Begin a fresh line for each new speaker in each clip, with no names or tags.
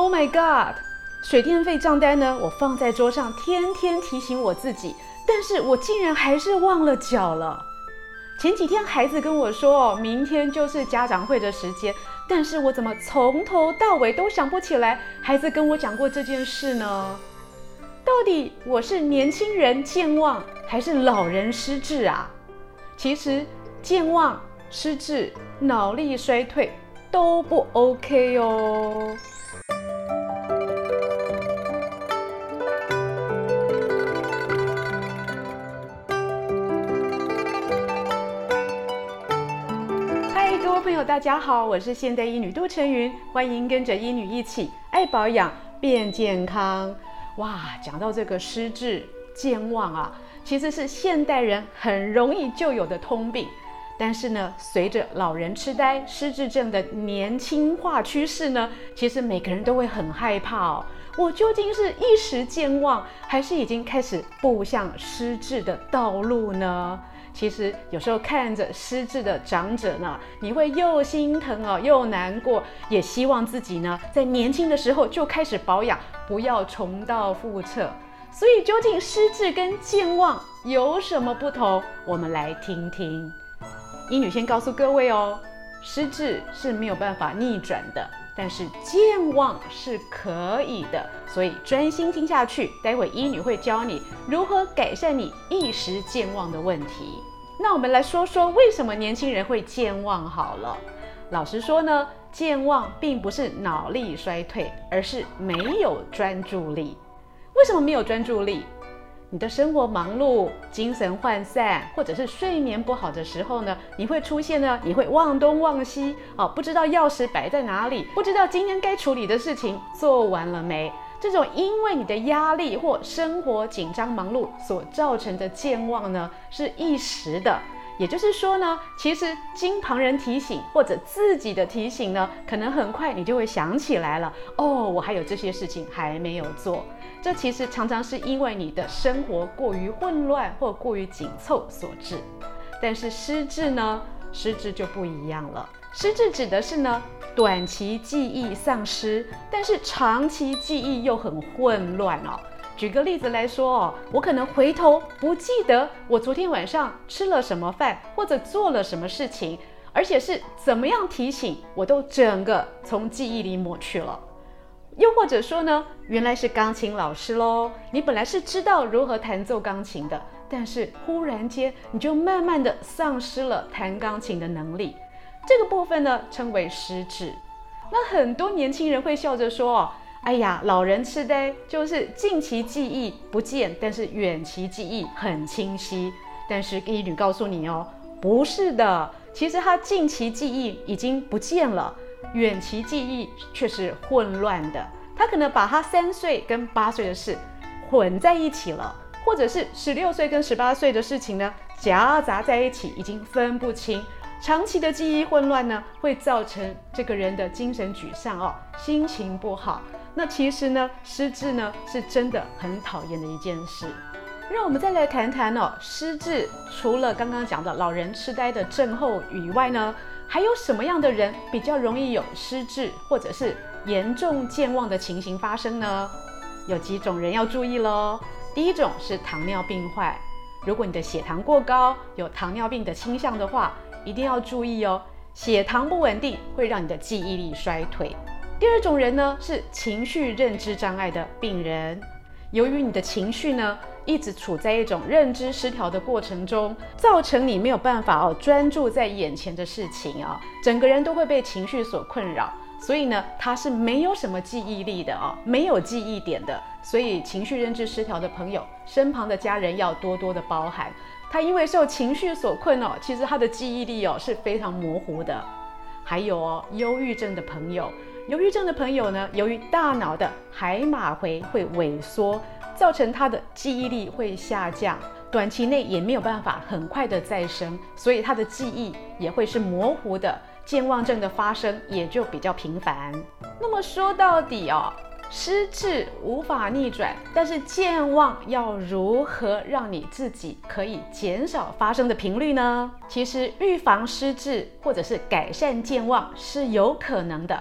Oh my god，水電費賬單呢？我放在桌上，天天提醒我自己，但是我竟然還是忘了繳了。前幾天孩子跟我說，哦，明天就是家長會的時間，但是我怎麼從頭到尾都想不起來孩子跟我講過這件事呢？到底我是年輕人健忘，還是老人失智啊？其實健忘、失智、腦力衰退都不 OK 哦。嗨，各位朋友，大家好，我是現代醫女杜晨云，歡迎跟着醫女一起愛保養，變健康。哇，講到這個失智、健忘啊，其實是現代人很容易就有的通病。但是呢，隨着老人癡呆、失智症的年輕化趨勢呢，其實每個人都會很害怕哦。我究竟是一時健忘，還是已經開始步向失智的道路呢？其實有時候看着失智的長者呢，你會又心疼哦，又難過，也希望自己呢，在年輕的時候就開始保養，不要重蹈覆轍。所以，究竟失智跟健忘有什麼不同？我們來聽聽。醫女先告訴各位哦，失智是沒有辦法逆轉的，但是健忘是可以的，所以專心聽下去，待會醫女會教你如何改善你一時健忘的問題。那我們來說說為什麼年輕人會健忘好了。老實說呢，健忘並不是腦力衰退，而是沒有專注力。為什麼沒有專注力？你的生活忙碌、精神渙散，或者是睡眠不好的時候呢，你會出現呢，你會忘東忘西，哦，不知道鑰匙擺在哪裡，不知道今天該處理的事情做完了沒？這種因為你的壓力或生活緊張忙碌所造成的健忘呢，是一時的。也就是說呢，其實經旁人提醒或者自己的提醒呢，可能很快你就會想起來了。哦，我還有這些事情還沒有做。這其實常常是因為你的生活過於混亂或過於緊湊所致。但是失智呢，失智就不一樣了。失智指的是呢，短期記憶喪失，但是長期記憶又很混亂哦。舉個例子來說哦，我可能回頭不記得我昨天晚上吃了什麼飯，或者做了什麼事情，而且是怎麼樣提醒，我都整個從記憶裡抹去了。又或者說呢，原來是鋼琴老師嘍，你本來是知道如何彈奏鋼琴的，但是忽然間你就慢慢的喪失了彈鋼琴的能力。這個部分呢稱為失智。那很多年輕人會笑着說哦。哎呀，老人癡呆就是近期記憶不見，但是遠期記憶很清晰。但是醫女告訴你哦，不是的，其實他近期記憶已經不見了，遠期記憶卻是混亂的。他可能把他三歲跟八歲的事混在一起了，或者是十六歲跟十八歲的事情呢，夾雜在一起，已經分不清。長期的記憶混亂呢，會造成這個人的精神沮喪哦，心情不好。那其實呢，失智呢是真的很討厭的一件事。讓我們再來談談哦，失智除了剛剛講的老人痴呆的症候以外呢，還有什麼樣的人比較容易有失智或者是嚴重健忘的情形發生呢？有幾種人要注意嘍。第一種是糖尿病患，如果你的血糖過高，有糖尿病的傾向的話，一定要注意哦。血糖不穩定會讓你的記憶力衰退。第二種人呢是情緒認知障礙的病人，由於你的情緒呢一直處在一種認知失調的過程中，造成你沒有辦法哦專注在眼前的事情啊、哦，整個人都會被情緒所困擾，所以呢他是沒有什麼記憶力的哦，沒有記憶點的，所以情緒認知失調的朋友，身旁的家人要多多的包涵，他因為受情緒所困哦，其實他的記憶力哦是非常模糊的，還有哦憂鬱症的朋友。憂鬱症的朋友呢，由於，大腦的海馬回會萎縮，造成他的記憶力會下降，短期內也沒有辦法很快的再生，所以他的記憶也會是模糊的，健忘症的發生也就比較頻繁。那麼說到底哦，失智無法逆轉，但是健忘要如何讓你自己可以減少發生的頻率呢？其實預防失智或者是改善健忘是有可能的。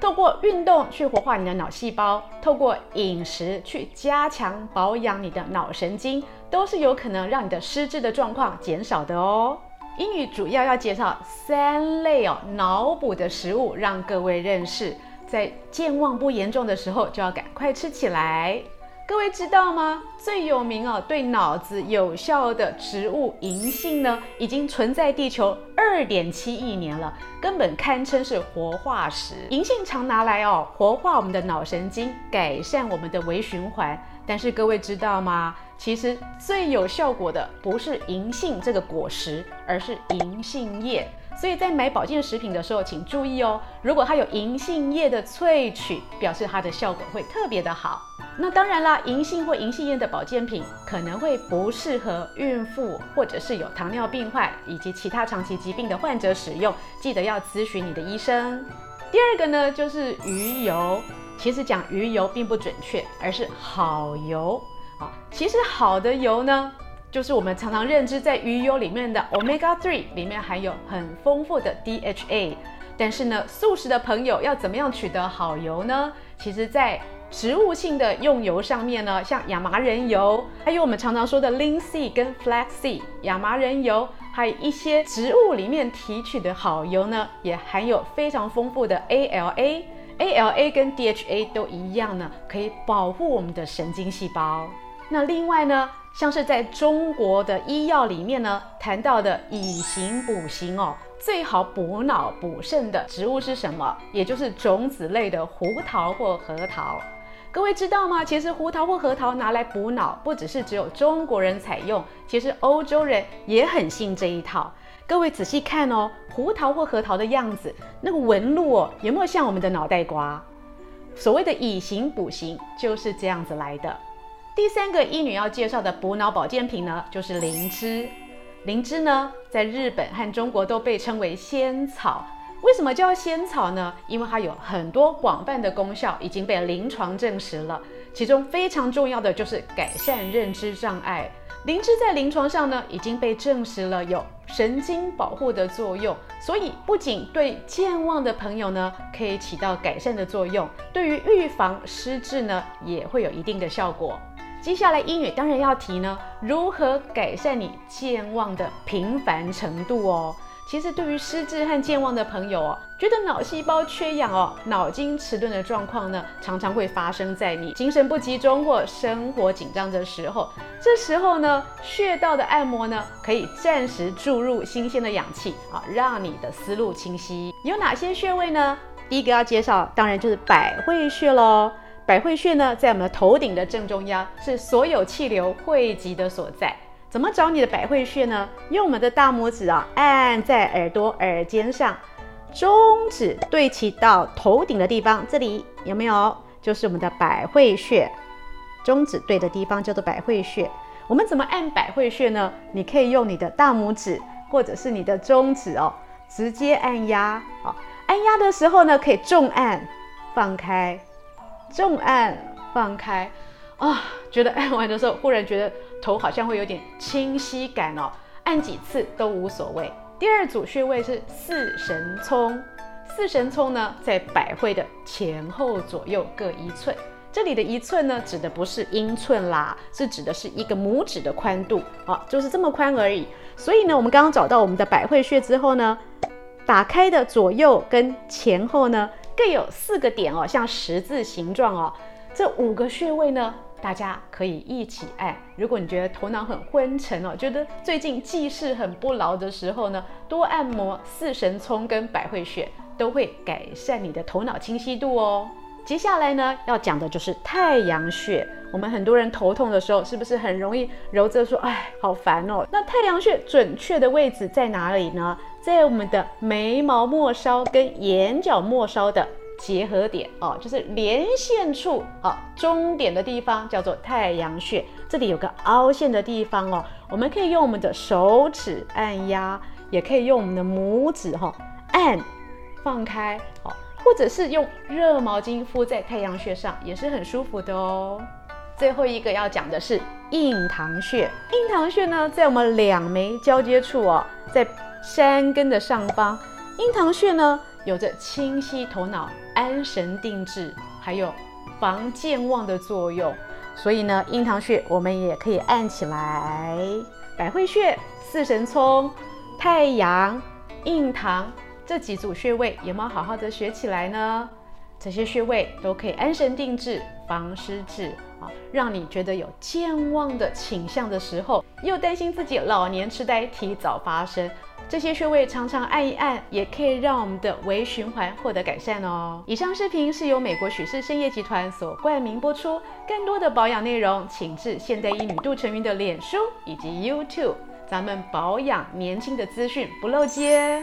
透過運動去活化你的腦細胞，透過飲食去加強保養你的腦神經，都是有可能讓你的失智的狀況減少的哦。英語主要要介紹三類哦腦補的食物，讓各位認識，在健忘不嚴重的時候就要趕快吃起來。各位知道嗎？最有名哦，對腦子有效的植物銀杏呢，已經存在地球二點七億年了，根本堪稱是活化石。銀杏常拿來哦，活化我們的腦神經，改善我們的微循環。但是各位知道嗎？其實最有效果的不是銀杏這個果實，而是銀杏葉。所以在買保健食品的時候，請注意哦。如果它有銀杏葉的萃取，表示它的效果會特別的好。那當然啦，銀杏或銀杏葉的保健品可能會不適合孕婦或者是有糖尿病患以及其他長期疾病的患者使用，記得要諮詢你的醫生。第二個呢，就是魚油。其實講魚油並不準確，而是好油啊。其實好的油呢。就是我們常常認知在魚油裡面的 omega three 裡面含有很豐富的 DHA，但是呢，素食的朋友要怎麼樣取得好油呢？其實，在植物性的用油上面呢，像亞麻仁油，還有我們常常說的 linseed 跟 flaxseed，亞麻仁油，還有一些植物裡面提取的好油呢，也含有非常豐富的 ALA，ALA ALA 跟 DHA 都一樣呢，可以保護我們的神經細胞。那另外呢，像是在中國的醫藥裡面呢，談到的以形補形哦，最好補腦補腎的植物是什麼？也就是種子類的胡桃或核桃。各位知道嗎？其實胡桃或核桃拿來補腦，不只是只有中國人採用，其實歐洲人也很信這一套。各位仔細看哦，胡桃或核桃的樣子，那個紋路哦，有沒有像我們的腦袋瓜？所謂的以形補形就是這樣子來的。第三個醫女要介紹的補腦保健品呢，就是靈芝。靈芝呢，在日本和中國都被稱為仙草。為什麼叫仙草呢？因為它有很多廣泛的功效，已經被臨床證實了。其中非常重要的就是改善認知障礙。靈芝在臨床上呢，已經被證實了有神經保護的作用，所以不僅對健忘的朋友呢，可以起到改善的作用，對於預防失智呢，也會有一定的效果。接下來，醫女當然要提呢，如何改善你健忘的頻繁程度哦。其實，對於失智和健忘的朋友，哦，覺得腦細胞缺氧哦，腦筋遲鈍的狀況呢，常常會發生在你精神不集中或生活緊張的時候。這時候呢，穴道的按摩呢，可以暫時注入新鮮的氧氣啊，讓你的思路清晰。有哪些穴位呢？第一個要介紹，當然就是百會穴嘍。百會穴呢，在我們的頭頂的正中央，是所有氣流匯集的所在。怎麼找你的百會穴呢？用我們的大拇指啊，按在耳朵耳尖上，中指對齊到頭頂的地方，這裡有沒有？就是我們的百會穴。中指對的地方叫做百會穴。我們怎麼按百會穴呢？你可以用你的大拇指，或者是你的中指哦，直接按壓。好，按壓的時候呢，可以重按，放開。重按放開啊、哦，覺得按完的時候，忽然覺得頭好像會有點清晰感哦。按幾次都無所謂。第二組穴位是四神聰，四神聰呢，在百會的前後左右各一寸。這裡的一寸呢，指的不是英寸啦，是指的是一個拇指的寬度啊，就是這麼寬而已。所以呢，我們剛剛找到我們的百會穴之後呢，打開的左右跟前後呢。各有四個點哦，像十字形狀哦。這五個穴位呢，大家可以一起按。如果你覺得頭腦很昏沉哦，覺得最近記事很不牢的時候呢，多按摩四神聰跟百會穴，都會改善你的頭腦清晰度哦。接下來呢，要講的就是太陽穴。我們很多人頭痛的時候，是不是很容易揉着說：“哎，好煩哦。”那太陽穴準確的位置在哪裡呢？在我們的眉毛末梢跟眼角末梢的結合點哦、喔，就是連線處哦，中、喔、點的地方叫做太陽穴。這裡有個凹陷的地方哦、喔，我們可以用我們的手指按壓，也可以用我們的拇指哈、喔、按，放開好。喔或者是用熱毛巾敷在太陽穴上也是很舒服的哦。最後一個要講的是印堂穴，印堂穴呢在我們兩眉交接處哦，在山根的上方。印堂穴呢有着清晰頭腦、安神定志，還有防健忘的作用。所以呢，印堂穴我們也可以按起來。百會穴、四神聰、太陽、印堂。這幾組穴位有沒有好好的學起來呢？這些穴位都可以安神定志、防失智啊。讓你覺得有健忘的傾向的時候，又擔心自己老年癡呆提早發生，這些穴位常常按一按，也可以讓我們的微循環獲得改善哦。以上視頻是由美國許氏蔘業集團所冠名播出，更多的保養內容，請至現代醫女杜丞蕓的臉書以及 YouTube，咱們保養年輕的資訊不漏接。